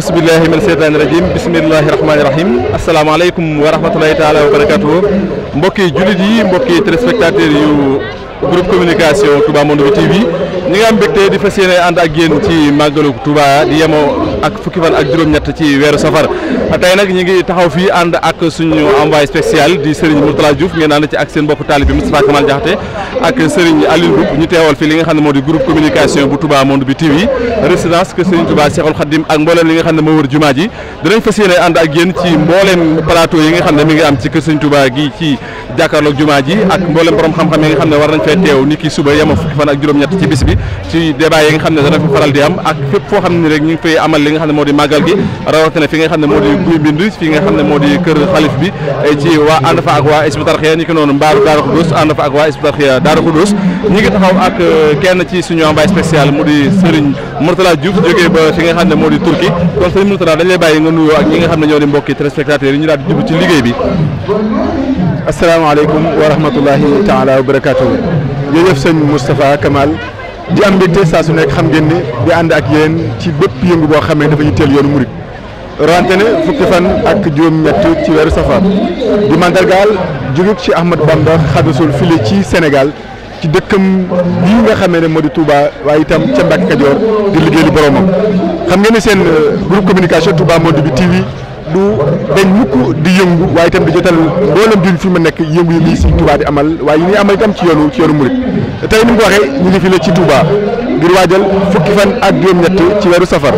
aousubillahi min seytaani rajim bisimillahi rahmaani rahim asalaamaaleykum wa rahmatulahi taala wa barakatuhu mbokki jullit yi mbokki téléspectateurs yu groupe communication Touba Monde bi TV ñi nga am mbégte di fas yéene ànd ak yéen ci màggalu Touba di yemoo ak fukki fan ak juróom-ñett ci weeru safar tey nag ñi ngi taxaw fii ànd ak suñu envoyé spécial di Serigne Mourtala Diouf ngeen ànd ak seen bopp taalibe Moustapha Kamal Diakhaté ak Serigne fii li nga xam ne moo di groupe communication bu Touba Monde bi TV mbooleem li nga xam ne moo wër jumaa ji dinañ fas yéene ànd yi nga xam ne mi ngi am ci kër Serigne tubaa gi ci jàkkaarloog jumaa ji ak mbooleem borom xam-xam yi nga ne war nañ fee teew ni ki suba yema fukki fan ak juróom-ñett ci bis bi ci débat yi nga xam ne dana fi faral di am ak fépp foo xam ne rek ñu nga xam ne moo di màggal gi rawatina fi nga xam ne moo di guy mbind fi nga xam ne moo di kër xalif bi eh, ci waa ànd fa ak waa hizbut ni ki noonu mbaaru Daaru Xudoos ànd fa ak waa hizbut Daaru Xudoos ñi ngi taxaw ak eh, kenn ci suñu envoyé spécial mu di Serigne Mourtala Diouf jógee ba fi nga xam ne moo di Turki kon Serigne bàyyi nga nuyoo ak ñi nga ne ñoo di mbokki téléspectateurs yi ñu daal di jublu ci liggéey bi asalaamaaleykum wa rahmatullahi taala wa jërëjëf sëñ Moustapha Kamal di am mbégte saa su nekk xam ngeen ne di ànd ak yéen ci bépp yëngu boo xam ne dafa yitteel yoonu murit rawante ne fukki fan ak juróom-ñett ci weeru safar di mandargaal jóge ci Ahmad Bamba xadusul file ci senegal ci dëkkam bii nga xamee ne moo di Touba waaye itam ca Mbàkke Kajoor di liggéey lu boromam xam ngeen ne seen groupe communication Touba Monde bi TV. du dañ mukk di yëngu waaye itam di jotal mboolem jullit fi mu nekk yëngu yi muy Sëriñ Touba di amal waaye yi muy amal itam ci yoonu ci yoonu murit tey ni mu ko waxee ñu ngi fi la ci Touba ngir waajal fukki fan ak juróom-ñett ci weeru safar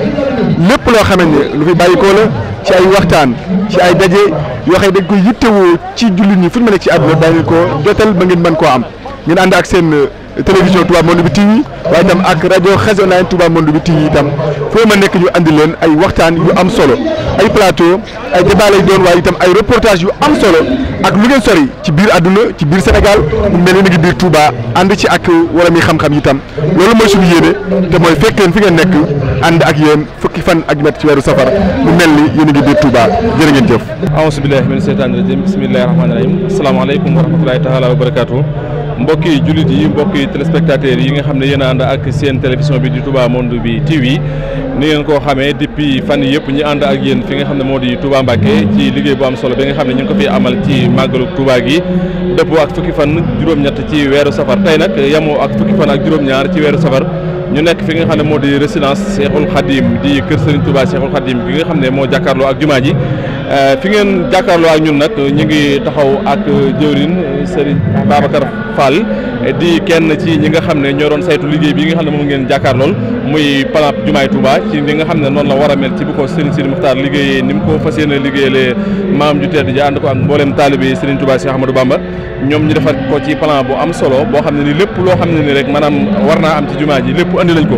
lépp loo xamee ne lu fi bàyyikoo la ci ay waxtaan ci ay daje yoo xam ne dañ koy yittewoo ci jullit ñi fu ñu ma nekk ci àdduna daañu ko jotal ba ngeen mën koo am ngeen ànd ak seen euh, télévision Touba Monde bi TV waaye itam ak rajo Xassida Online Touba Monde bi TV itam foo ma nekk ñu andi leen ay waxtaan yu am solo ay plateau ay débat lay doon waaye itam ay reportage yu am solo ak lu ngeen sori ci biir àdduna ci biir Sénégal mu mel ni ngi biir Touba ànd ci ak wala mi xam-xam itam loolu mooy suñu yéene te mooy fekkeen leen fi ngeen nekk ànd ak yéen fukki fan ak ñett ci weeru safar mu mel ni yéen a ngi biir Touba jërë ngeen jëf. aouzu billahi mina seytaani rajim bismillahi rahmaani rahim asalaamaaleykum wa mbokki julit yi mbokki téléspectateurs yi nga xam ne yéen ànd ak seen télévision bi di Touba Monde bi TV ni ngeen koo xamee depuis fan yëpp ñu ànd ak yéen fi nga xam ne moo di Touba Mbacké ci liggéey bu am solo bi nga xam ne ñu ngi ko fi amal ci màggalu Touba gi dëppoo ak fukki fan juróom-ñett ci weeru safar tey nag yamoo ak fukki fan ak juróom-ñaar ci weeru safar ñu nekk fi nga xam ne moo di résidence Cheikhul Khadim di kër Serigne Touba Cheikhul Khadim bi xam ne moo jàkkaarloo ak jumaa ji Euh, fi ngeen jàkkaarloo ak ñun nag ñu ngi taxaw ak jëwrin Serigne Babacar Fall di kenn ci ñi nga xam ne ñoo doon saytu liggéey bi nga xam ne moom ngeen jàkkaarlool muy plan Jumaay Touba ci li nga xam ne noon la war a mel ci bu ko Serigne Sidi Muxtaar liggéeyee ni mu ko fas yéene liggéeyalee maam ju tedd ji ànd ko ak mbooleem taalibe Serigne Touba Cheikh Ahmadou Bamba ñoom ñu defar ko ci plan bu am solo boo xam ne ni lépp loo xam ne ni rek maanaam war naa am ci jumaa lépp andi lañ ko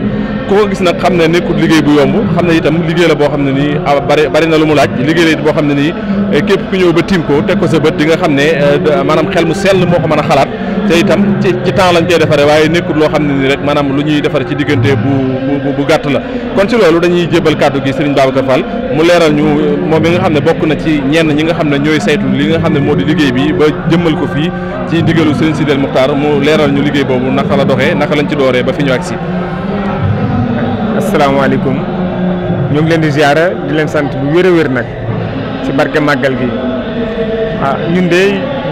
ku ko gis nag xam ne nekkut liggéey bu yomb xam ne itam liggéey la boo xam ne nii ah, bari bari na lu mu laaj liggéey la it boo xam ne nii eh, képp ku ñëw ba tiim ko teg ko sa bët di nga xam ne eh, maanaam xel mu sell moo ko mën a xalaat te itam ci ci temps lañ koy defaree waaye nekkut loo xam ne nii rek maanaam lu ñuy defare ci diggante bu bu gàtt la kon ci loolu dañuy jébal kàddu gi Serigne Babacar Fall mu leeral ñu eh, moom bi nga xam ne bokk na ci ñenn ñi nga xam ne ñooy saytu li nga xam ne moo di liggéey bi ba jëmmal ko fii ci ndigalu Serigne Sidel Mokhtar mu leeral ñu liggéey boobu naka la doxee naka lañ ci dooree ba fi ñu agsi asalaamaaleykum ñoo ngi leen di ziara di leen sant bu wér wér nag ci barke màggal bi ah ñun de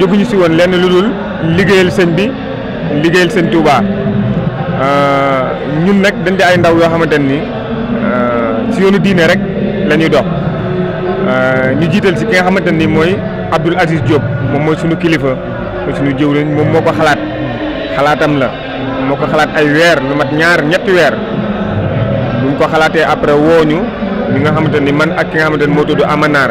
jóguñu si woon lenn lu dul liggéeyal sëñ bi liggéeyal sëñ Touba ah, ñun nag dañ di ay ndaw yoo xamante ni si ah, yoonu diine rek lañuy ñuy dox ah, ñu jiital si ki nga xamante ni mooy Abdoul Aziz Diop moom mooy suñu kilifa mooy suñu jëwriñ moom moo ko xalaat xalaatam la moo ko xalaat ay weer lu mat ñaar ñetti weer. bu buñ ko xalaatee après wooñu ñi nga xamante ni man ak ki nga xamante ni moo tudd Amanaar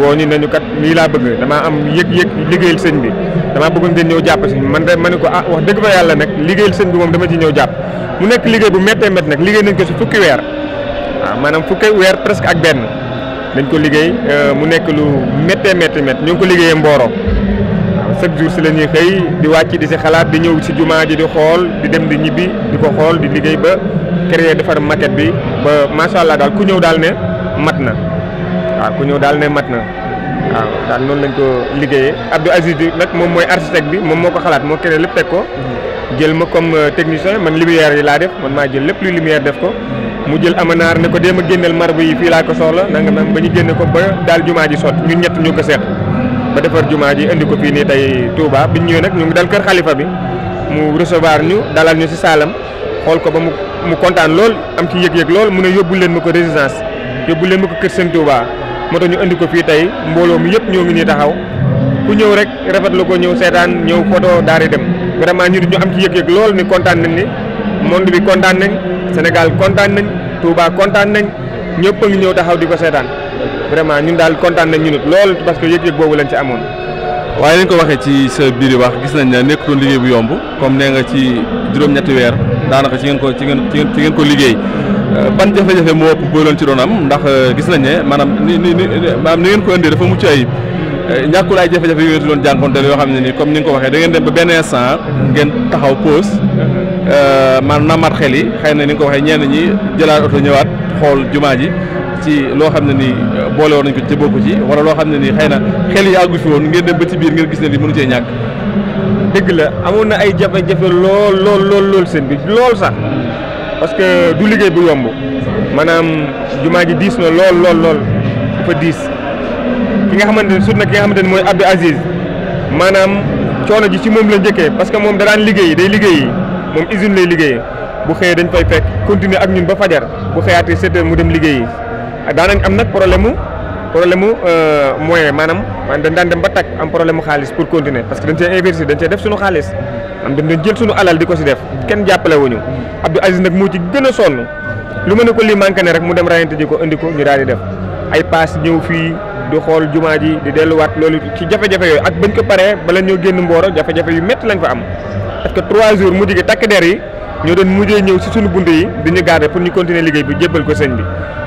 wooñu nañu kat lii laa bëgg damaa am yëg-yëg liggéeyal sëñ bi damaa bëggoon ngeen ñëw jàpp si man de ma ne ko ah wax dëgg fa yàlla nag liggéeyal sëñ bi moom dama ci ñëw jàpp mu nekk liggéey bu méttee métt nag liggéey nañ ko si fukki weer waaw ah, maanaam fukki weer presque ak benn dañ ko liggéey euh, mu nekk lu méttee métti métt ñu ngi ko liggéeyee Mboro chaque jour si la ñuy xëy di wàcc di si xalaat di ñëw si jumaa ji di xool di dem di ñibbi di ko xool di liggéey ba créer defar maquette bi ba macha allah daal ku ñëw daal ne mat na waaw ku ñëw daal ne mat na waaw daal noonu lañ ko liggéeyee Abdou Aziz bi nag moom mooy architecte bi moom moo ko xalaat moo créé lépp teg ko. jël ma comme euh, technicien man lumière yi laa def man maa jël lépp luy lumière def ko. mu jël amanaar ne ko dee ma génneel marbre yi fii laa ko soxla nanga ba ñu génne ko ba daal jumaa ji sot ñun ñett ñoo ko seet. ba defar jumaa ji indi ko fii nii tey Touba biñ ñëwee nag ñu ngi dal kër xalifa bi mu recevoir ñu dalal ñu si saalam xool ko ba mu mu kontaan lool am ci yëg-yëg lool mu ne yóbbu leen ma ko résidence yóbbu leen ma ko kër sëñ Touba moo ñu indi ko fii tey mbooloo mi yëpp ñoo ngi nii taxaw ku ñëw rek rafetlu ko ñëw seetaan ñëw photo daal di dem vraiment ñu di ñu am ci yëg-yëg lool ni kontaan nañ ni monde bi kontaan nañ Sénégal kontaan nañ Touba kontaan nañ ñëpp a ngi ñëw taxaw di ko seetaan vraiment ñun daal kontaan nañ ñun lool parce que yëg-yëg boobu lañ ci amoon. waaye lañ ko waxee ci sa biir wax gis nañ ne nekkutoon liggéey bu yomb comme nee nga ci juróom-ñetti weer daanaka ci ngeen ko ci ngeen ci ko liggéey euh, ban jafe-jafe moo ëpp bëloon ci doon am ndax euh, gis nañ ne maanaam ni ni ni maanaam ni ngeen ko indee dafa mucc ay euh, ñàkkul ay jafe-jafe yu ngeen doon jànkonteel yoo xam ne ni comme ni nga ko waxee da ngeen dem ba benn ngeen taxaw pause maanaam namaat xel yi xëy na ni nga ko waxee ñenn ñi jëlaat oto ñëwaat xool jumaa ji ci loo xam ne ni euh, boole woon nañ ko ci bokku ci wala loo xam ne nii xëy na xel yi àggu fi woon ngeen dem ba ci biir ngeen gis ne li mënu cee ñàkk dëgg la amoon na ay jafe-jafe lool lool lool lool seen bi lool sax parce que du liggéey bu yomb maanaam jumaa ji diis na lool lool lool dafa diis ki nga xamante ne surtout nag ki nga xamante mooy Abdou Aziz maanaam coono ji ci moom la njëkkee parce que moom da daan liggéey day liggéey moom usine lay liggéey bu xëyee dañ fay fekk continuer ak ñun ba fajar bu xëyaatee sept heures mu dem liggéey daanañ am nag problème mu problème mu euh, moyen maanaam maanaam dañ daan dem ba tàkk am problème xaalis pour continuer parce que dañ cee investir dañ cee def suñu xaalis am dañ doon jël suñu alal di ko si def kenn jàppale wuñu Abdou Aziz nag moo ci gën a sonn lu ma ne ko lii manqué ne rek mu dem rayante ji ko indi ko ñu daal di def ay paas ñëw fii du xool jumaa ji di delluwaat loolu ci jafe-jafe yooyu ak bañ ko paree bala ñoo génn mbooro jafe-jafe yu métti lañ fa am parce jours mujj takk der yi ñoo doon mujjee ñëw si suñu bunt yi di ñu garder pour ñu continuer liggéey bi jébbal ko sëñ bi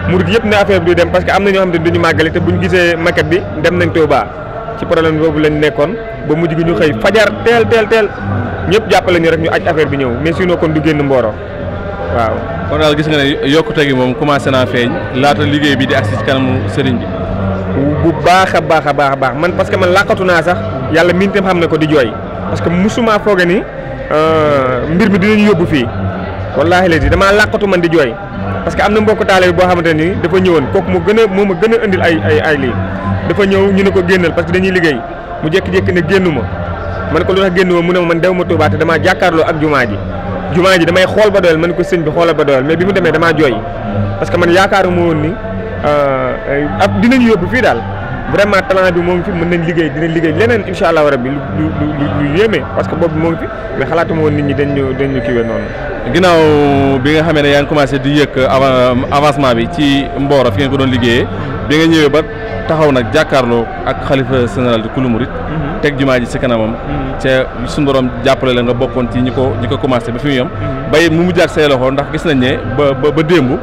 murid yëpp ne affaire bi du dem parce que am na ñoo xam ne duñu màggali te buñu gisee maquette bi dem nañ Touba ci problème boobu leen nekkoon ba mujj gi ñu xëy fajar teel teel teel ñëpp jàppale ñu rek ñu aj affaire bi ñëw mais sinon kon du génn mbooro waaw. kon daal gis nga ne yokkute gi moom commencé naa feeñ laata liggéey bi di agsi ci kanamu sëriñ bi. bu baax baax a baax baax man parce que man làqatu naa sax yàlla miin tam xam na ko di jooy parce que musuma fooge ni euh, mbir mi dinañu yóbbu fii wallaahi la di damaa làqatu man di jooy parce que am na mbokk taale bi boo xamante ni dafa ñëwoon kooku mu gën a moo ma gën a indil ay ay ay lii dafa ñëw ñu ne ko génnal parce que dañuy liggéey mu jékki-jékki ne génn ma man ko lu tax génnu ma mu ne ma dew ma Tuubaa te damaa jàkkaarloo ak jumaa ji jumaa ji damay xool ba doyal man ko sëñ bi xoolal ba doyal mais bi mu demee damaa jooy parce que man yaakaaruma woon ni euh, ab fii daal vraiment talent bi moom ngi fi mën nañ liggéey dina liggéey leneen incha allah rabbi lu lu lu yéeme parce que boobu moo ngi fi mais xalaatuma woon nit ñi dañ ñu dañ ñu kiiwee noonu. ginnaaw bi nga xamee ne yaa ngi commencé di yëg avancement bi ci Mboro fi ngeen ko doon liggéeyee. bi nga ñëwee ba taxaw nag jàkkaarloo ak xalifa général di kulu murit mhm. teg jumaa ji ci kanamam mhm. ca suñu borom jàppale la nga bokkoon ci ñi ko ñi ko commencé ba fi mu yem mhm. bay mu mu jàkk say loxo ndax gis nañ ne ba ba démb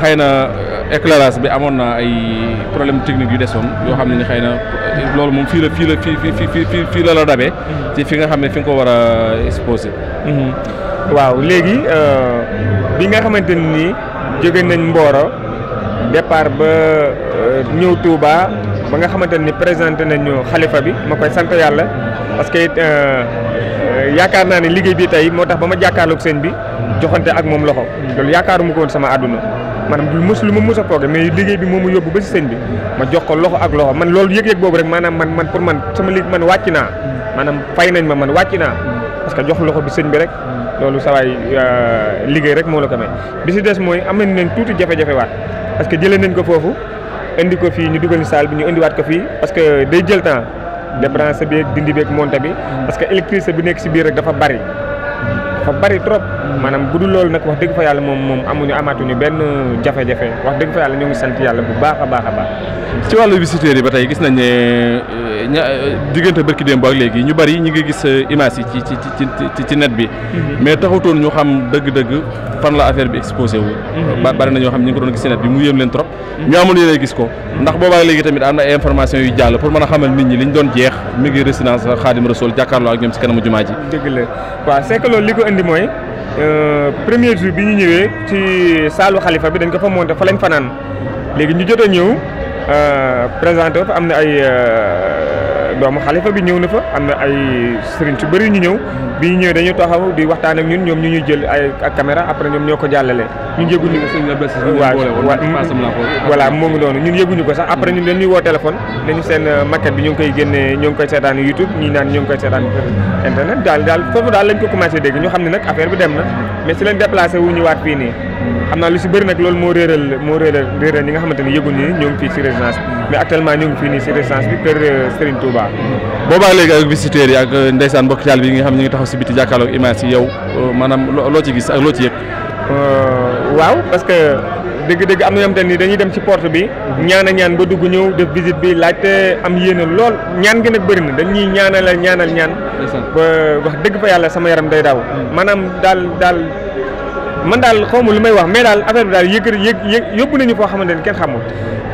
xay na euh, éclairage bi amoon na ay problème technique yu desoon yoo xam ne ni xëy na euh, loolu moom fii la fii la fii fii fii fii la la dabee ci fi nga xam ne fi nga ko war a euh, exposé waaw léegi bi nga xamante ni jóge nañ Mboro départ ba ñëw Touba ba nga xamante ni présenté nañu xalifa bi ma koy sant yàlla parce que it euh, euh, yaakaar naa ne liggéey bi tey moo tax ba ma jàkkaarloog sëñ bi joxante ak moom loxo loolu yaakaaruma ko woon sama àdduna maanaam lu lu ma mës a fooge mais liggéey bi moo ma yóbbu ba si sëñ bi ma jox ko loxo ak loxo man loolu yëg-yëg boobu rek maanaam man man pour man sama liggéey naa maanaam fay nañ ma man wàcc naa parce que jox loxo bi sëñ bi rek loolu sawaay euh, liggéey rek moo la ko may bi si des mooy am nañ leen tuuti jafe-jafe indi ko fii ñu dugal ñu salle bi ñu indiwaat ko fii parce que day jël temps débranché bi ak dindi bi ak monté bi mm. parce que électricité bu nekk si biir rek dafa bari dafa bari trop maanaam bu dul loolu nag wax dëgg fa yàlla moom moom amuñu amaatuñu benn jafe-jafe wax dëgg fa yàlla ñu ngi sant yàlla bu baax a baax a baax. ci wàllu visiteurs yi ba tey gis nañ ne euh, ña euh, diggante barki démb ak léegi ñu bari ñu ngi gis euh, image yi ci ci ci ci net bi. Mhm. mais taxutoon ñu xam dëgg-dëgg fan la affaire bi exposé wu. Mhm. ba bari na ñoo xam ñu ngi ko doon gis ci net bi mu yéem leen trop. Mhm. ñu amoon yéen gis ko. ndax boobaa léegi tamit am na ay information yu jàll pour mën a xamal nit ñi liñ doon jeex mi ngi résidence Xaadim Rasool jàkkaarloo ak ñoom ci kanamu jumaa ji. dëgg la waaw c'est que indi mooy euh, premier jour bi ñu ñëwee ci saalu xalifa bi dañ ko fa monté fa lañ fanaan léegi ñu jot a ñëw euh, présenté fa am na ay. Euh, doomu xalifa bi ñëw na fa am na ay sëriñ su bëri ñu ñëw bi ñu ñëwee dañu taxaw di waxtaan ak ñun ñoom ñu ñuy jël ay ak après ñoom ñoo ko jàllale ñun yëguñu voilà moo ngi noonu ñun yëguñu ko sax après ñun dañuy woo téléphone dañu seen euh, maquette bi ñu ngi koy génnee ñoo ngi koy seetaan YouTube ñu naan ñoo ngi koy seetaan internet daal daal foofu daal lañ ko commencé dégg ñu xam ne nag affaire bi dem na mais si lañ déplacé wu ñu waat fii nii xam naa lu si bëri nag loolu moo réeral moo réeral réeral ñi nga xamante ni yëgul nii ñoo ngi fii si résidence mais actuellement ñoo ngi fii nii si résidence bi kër euh, euh, nga xam ñu ngi taxaw si biti jàkkaarloog image yi yow euh, maanaam loo ci gis ak loo ci yëg. waaw parce que dégg dégg am na yoo xamante ni dañuy dem ci porte bi ñaan a ñaan ba dugg ñëw def visite bi laajte am yéene lool ñaan gi nag bëri na dañuy ñaanal ñaanal ñaan. ba wax dëgg fa yàlla sama yaram day daw mm. maanaam man daal xaw ma lu may wax mais daal affaire bi daal yëkkër yëg yóbbu nañu foo xamante ne kenn xamul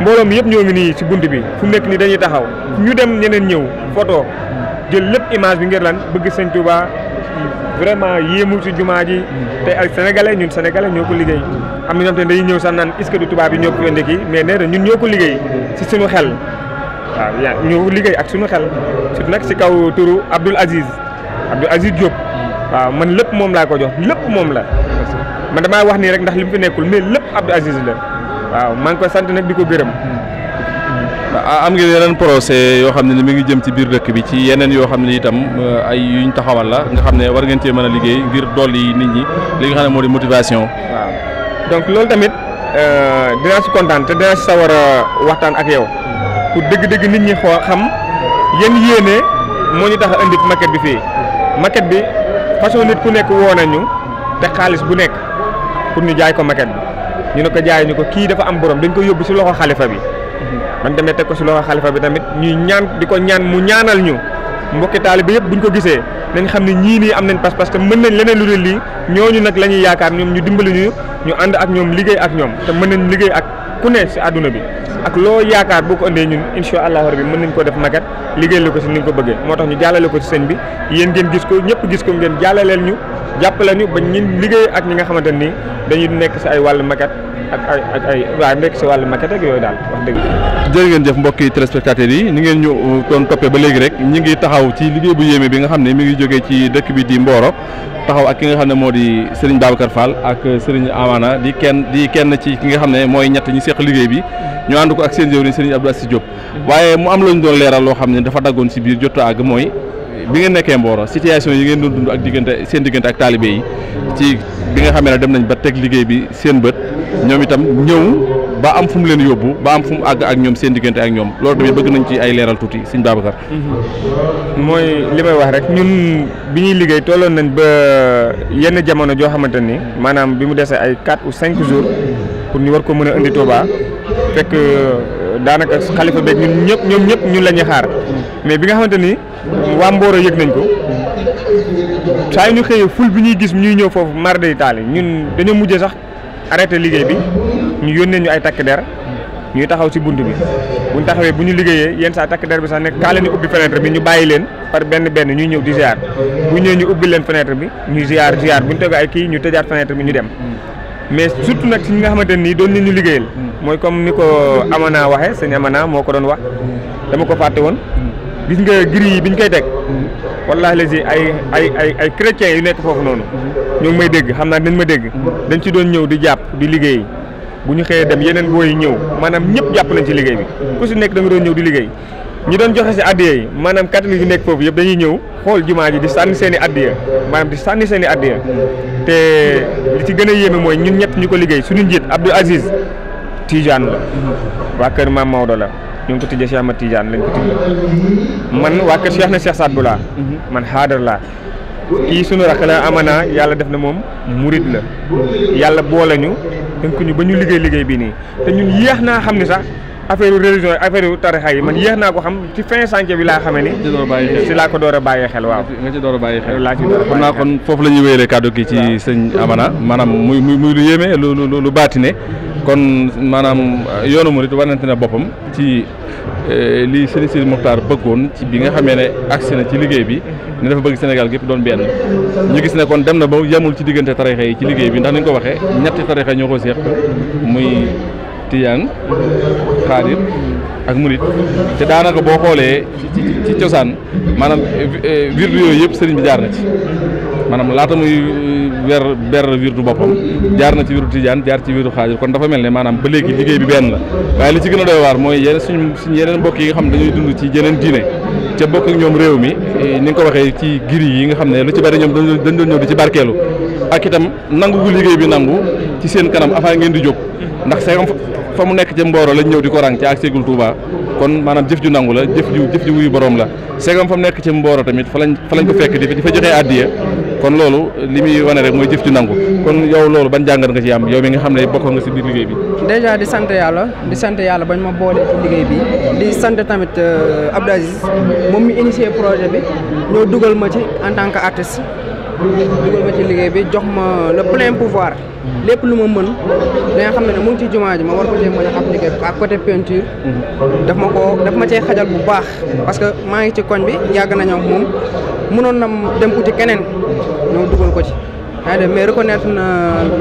mbooloo mi ñoo ngi nii ci bunt bi fu nekk nii dañuy taxaw ñu dem ñeneen ñëw photo jël lépp image bi ngir lan bëgg sëñ Touba vraiment yéemu ci jumaa ji te ay sénégalais ñun sénégalais ñoo ko liggéey am na ñoom tamit dañuy ñëw sax naan est du tubaab yi ñoo ko indi kii mais nee na ñun ñoo ko liggéey si suñu xel waaw ñoo liggéey ak suñu xel surtout nag si kaw turu Abdoul Aziz Abdoul Aziz Diop waaw man lépp moom laa ko jox lépp moom la man damaa wax nii rek ndax li mu fi nekkul mais lépp Abdou Aziz la waaw maa ngi sant nag di ko gërëm. Ah, am ngeen yeneen procès yoo xam ne mi ngi jëm ci biir dëkk bi ci yeneen yoo xam ne itam euh, ay yuñ taxawal la nga xam ne war ngeen cee mën a liggéey dool yi nit ñi li nga xam ne moo di motivation. waaw donc loolu tamit euh, dinaa si kontaan te dinaa si sawar a waxtaan ak yow pour dëgg-dëgg nit ñi xoo xam yéen yéene moo ñu tax a indi maquette bi fii maquette bi façon nit ku nekk woo nañu te bu nekk. pour ñu jaay ko maquette bi ñu ne ko jaay ñu ko kii dafa am borom dañ ko yóbbu si loxo xalifa bi man demee teg ko si loxo xalifa bi tamit ñuy ñaan di ko ñaan mu ñaanal ñu mbokki taalibe yëpp buñ ko gisee nañ xam ne ñii nii am nañ pas parce que mën nañ leneen lu dul lii ñooñu nag la ñuy yaakaar ñoom ñu dimbali ñu ñu ànd ak ñoom liggéey ak ñoom te mën nañ liggéey ak ku ne si àdduna bi ak loo yaakaar boo ko andee ñun incha allahu rabi mën nañ ko def maquette liggéey la ko si ni ñu ko bëggee moo tax ñu jàllale ko ko ñëpp gis ko ngeen jàllaleel ñu jàppale ñu ba ñun liggéey ak ñi nga xamante ni dañuy nekk si ay wàllu maquette ak ay ak ay waaye nekk si wàllu maquette ak yooyu daal wax dëgg. jërë ngeen jëf mbokki téléspectateurs yi ni ngeen ñu uh, doon toppee ba léegi rek ñi ngi taxaw ci liggéey bu yéeme bi nga xam ne mi ngi jógee ci dëkk bi di Mboro taxaw ak ki nga xam ne moo di Serigne Babacar Fall ak Serigne Amana di kenn di kenn ci ki nga xam ne mooy ñett ñi seq liggéey bi ñu ànd ko ak seen jëwriñ Serigne Abdou Assis Diop mm-hmm. waaye mu am lañu doon leeral loo xam ne dafa daggoon si biir jot a mooy bi ngeen nekkee mbooro situation yi ngeen doon dund ak diggante seen diggante ak taalibe yi ci bi nga xamee ne dem nañ ba teg liggéey bi seen bët ñoom itam ñëw ba am fu mu leen yóbbu ba am fu mu àgg ak ñoom seen diggante ak ñoom loolu tamit bëgg nañ ci ay leeral tuuti sëñ Babacar. Mhm. mooy li may wax rek ñun bi ñuy liggéey tolloon nañ ba yenn jamono joo xamante ni maanaam bi mu desee ay quatre ou cinq jours pour ñu war ko mën a indi Touba fekk. daanaka xalifa beeg ñun ñëpp ñoom ñëpp ñun la ñuy xaar mais bi nga xamante ni waa Mboro yëg nañ ko saa yu ñu xëyee ful bi ñuy gis ñuy ñëw foofu mardi itaali ñun dañoo mujjee sax arrêté liggéey bi ñu yónnee ñu ay takk der ñuy taxaw ci bunt bi bu ñu taxawee bu ñu liggéeyee yenn saa takk der bi sax nekk kaa leen ñu ubbi fenêtre bi ñu bàyyi leen par benn benn ñuy ñëw di ziar bu ñëwee ñu ubbi leen fenêtre bi ñu ziar ziar bu ñu tegee ay kii ñu tëjaat fenêtre bi ñu dem mais surtout nag ci ñi nga xamante nii doon nañu liggéeyal mooy comme ni ko Amana waxee sëñ Amana moo ko doon wax dama ko fàtte woon gis nga gris yi bi ñu koy teg wallaahi la si ay ay ay ay chrétiens yu nekk foofu noonu ñoo may dégg xam naa dañ ma dégg dañ ci doon ñëw di jàpp di liggéey bu ñu xëyee dem yeneen booy ñëw maanaam ñëpp jàpp nañ ci liggéey bi ku si nekk da doon ñëw di liggéey ñi doon joxe si addiya yi maanaam catholique yi nekk foofu yëpp dañuy ñëw xool jumaa ji di sànni seeni i addiya maanaam di sànni seen i addiya te ci gën a yéeme mooy ñun ñett ñu ko liggéey suñu njiit Abdou Aziz Tijaan la waa kër maam Maodo la ñoo ngi ko tijjee Cheikh Ahmad Tijaan lañ ko tijjee man waa kër Cheikh na Cheikh Saad bu laa man xaadar laa kii sunu rakk la yàlla def na moom murit la yàlla boole ñu ñu ba ñu liggéey liggéey bii nii te ñun yéex naa xam ni sax affaire religion affaire tarixa yi man yéex naa ko xam ci fin chantier bi laa xamee ni si laa ko door a xel waaw nga ci door a bàyyi xel laa ci door a xam naa kon foofu la ñuy wéyalee kàddu gi ci sëñ Amana maanaam muy muy muy lu yéeme lu lu lu baatine kon maanaam euh, yoonu murit wanante na boppam ci euh, lii Serigne Sidi Mokhtar bëggoon ci bi nga xamee ne agsi na ci liggéey bi ne dafa bëgg Sénégal gépp doon benn ñu gis ne kon dem na ba yemul ci diggante tarixa yi ci liggéey bi ndax ni ko waxee ñetti tarixa ñoo ko seex muy Tijaan xaadir ak murit te daanaka boo xoolee ci cosaan maanaam eh, eh, wirdu yooyu yëpp sëriñ bi jaar na ci maanaam laata muy wer eh, ber wirdu boppam jaar na ci wirdu tijaan jaar ci wirdu xaadir kon dafa mel ne maanaam ba léegi liggéey bi benn la waaye li ci gën a doy waar mooy yeneen suñ suñ yeneen mbokk yi nga xam ne dañuy dund ci yeneen diine ca bokk ñoom réew mi ni nga ko waxee ci giri yi nga xam ne lu ci bari ñoom dañ doon ñëw di ci barkeelu ak itam nangu gu liggéey bi nangu ci seen kanam avant ngeen di jóg ndax fa mu nekk ca Mboro lañ ñëw di ko rang ca ak seegul Touba kon maanaam jëf ju nangu la jëf ju jëf ju wuyu borom la segam fa mu nekk ca Mboro tamit fa lañ fa lañ ko fekk di fa joxee addiya kon loolu li muy wane rek mooy jëf ju nangu kon yow loolu ban jàngat nga ci am yow mi nga xam ne bokk nga ci biir liggéey bi. déjà di sant yàlla di sant yàlla bañ ma boolee liggéey bi di sant tamit euh, Abdou Aziz moom mi initié projet bi ñoo dugal ma ci en tant que artiste. dugal ma ci liggéey bi jox ma le plein pouvoir lépp lu ma mën da xam ne ne mu ngi ci jumaa ji ma war ko cee mën a appliqué ak côté peinture daf ma ko daf ma cee xajal bu baax parce que maa ngi ci koñ bi yàgg nañoo moom mënoon na dem uti keneen ñëw dugal ko ci yaa de mais reconnaître na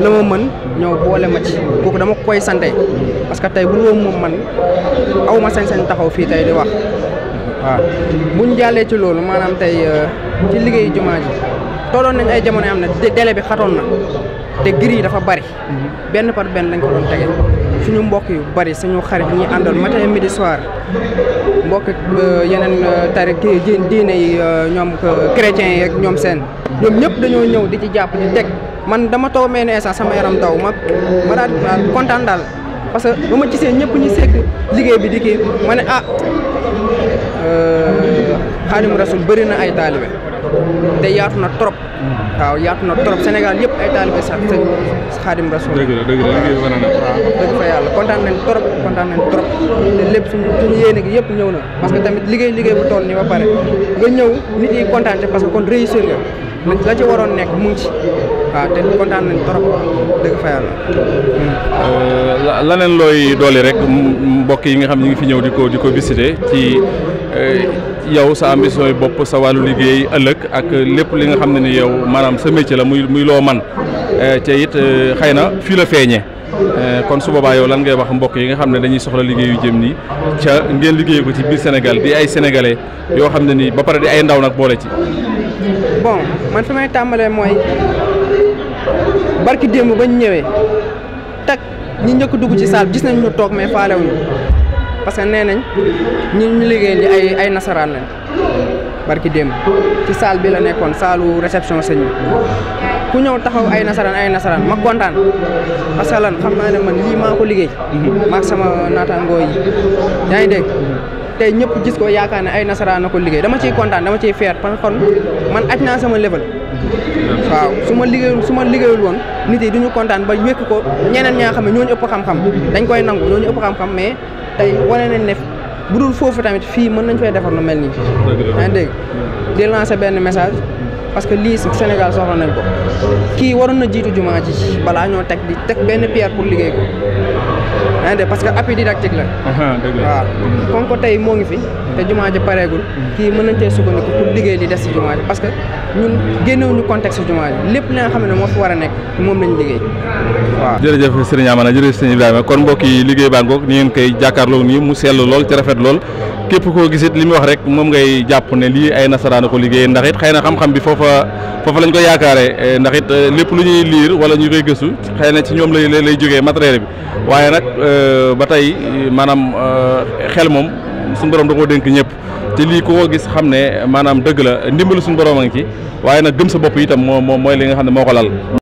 la ma mën ñëw boole ma ci kooku dama koy sante parce que tey bu loolu moom man aw ma sañ-sañ taxaw fii tey di wax waaw buñ jàllee ci loolu maanaam tey euh, ci liggéey jumaa ji tolloon nañ ay jamono am na délai bi xatoon na te giri yi dafa bari benn par benn lañ ko doon tegal suñu mbokk yu bari suñu xarit ñi àndoon matin midi soir mbokk euh, yeneen euh, tari diine yi euh, ñoom chrétiens yi ak ñoom seen ñoom ñëpp dañoo ñëw di ci jàpp di teg man dama toog mel ne instant sama yaram daw ma ma daal kontaan daal parce que ba ma gisee ñëpp ñu sekk liggéey bi di kii ma ne ah xaadim rasul bëri na ay taalibe te yaatu na trop. waaw yaatu na trop Sénégal yëpp ay taalibe sax sëñ xaadim rasul. dëgg la la yàlla kontaan nañ trop kontaan nañ trop te lépp suñu yéene gi yëpp ñëw na parce que tamit liggéey liggéey bu tool nii ba pare nga ñëw nit yi kontaan te parce que kon réussir nga. nañ la ci waroon nekk mu ngi ci waaw te kontaan nañ trop dëgg fa yàlla. Euh, laneen looy doole rek mbokk yi nga xam ñu ngi fi ñëw di ko di ko visité ci. Eh, yow sa ambition yi bopp sa wàllu liggéey ëllëg ak lépp li nga xam ne ni yow maanaam sa métier la muy muy loo man eh, te it eh, xëy na fii la feeñee kon su boobaa yow lan ngay wax mbokk yi nga xam ne dañuy soxla liggéey yu jëm nii ca ngeen liggéey ko ci biir Sénégal di ay sénégalais yoo xam ne nii ba pare di ay ndaw nag boole ci. bon man fi may tàmbalee mooy barki démb bañ ñëwee tak ñu njëkk dugg ci saal gis nañ ñu toog mais faalewuñu parce que nee nañ ñi liggéey li ay ay nasaraan lañ barki démb ci salle bi la nekkoon saalu réception sëñ ku ñëw taxaw ay nasaraan ay nasaraan ma kontaan parce que lan xam naa ne man lii maa ko liggéey mhm. maak sama naataangoo yi yaa ngi dégg mhm. tey ñëpp gis ko yaakaar ne ay nasaraan na ko liggéey dama ciy kontaan dama ciy fier parce que kon man aj naa sama level mhm. waaw su ma liggéeyul su liggéeyul woon nit yi du ñu kontaan ba wékk ko ñeneen ñaa xam ne ñooñu ëpp xam-xam dañ koy nangu ñooñu ëpp xam-xam mais tey wane nañ ne bu dul foofu tamit fii mën nañ fay defar lu mel nii. yaa ngi dégg di lancer benn message parce que lii Sénégal soxla nañ ko kii waroon na jiitu jumaa ji balaa ñoo teg di teg benn pierre pour liggéey ko. yaa ngi parce que appui didactique ah, la. waaw comme que tey moo ngi fi. te jumaa ji pareegul. Mm-hmm. kii mën nañ cee sukkandiku pour liggéey li des si jumaa ji parce que ñun génnewuñu contexte jumaa ji lépp li nga xam ne moo war a nekk moom lañ liggéey waaw. jërëjëf sëriñ Amana jërëjëf sëriñ Ibrahima kon mbokk yi liggéey baa ngoog ni ngeen koy jàkkaarloo nii mu sell lool ci rafet lool. képp koo gisit li mu wax rek moom ngay jàpp ne lii ay nasaraana ko liggéeyee ndax it xëy na xam-xam bi foofa foofa lañ ko yaakaaree eh, ndax it eh, lépp lu ñuy liir wala ñu koy gëstu xëy na ci ñoom lay lay jógee matériel bi waaye Euh, ba tey maanaam euh, xel moom suñu borom da koo dénk ñëpp te lii ku ko gis xam ne maanaam dëgg la ndimbalu suñu borom a ngi ci waaye nag gëm sa bopp itam moo moo mooy li nga xam ne moo ko lal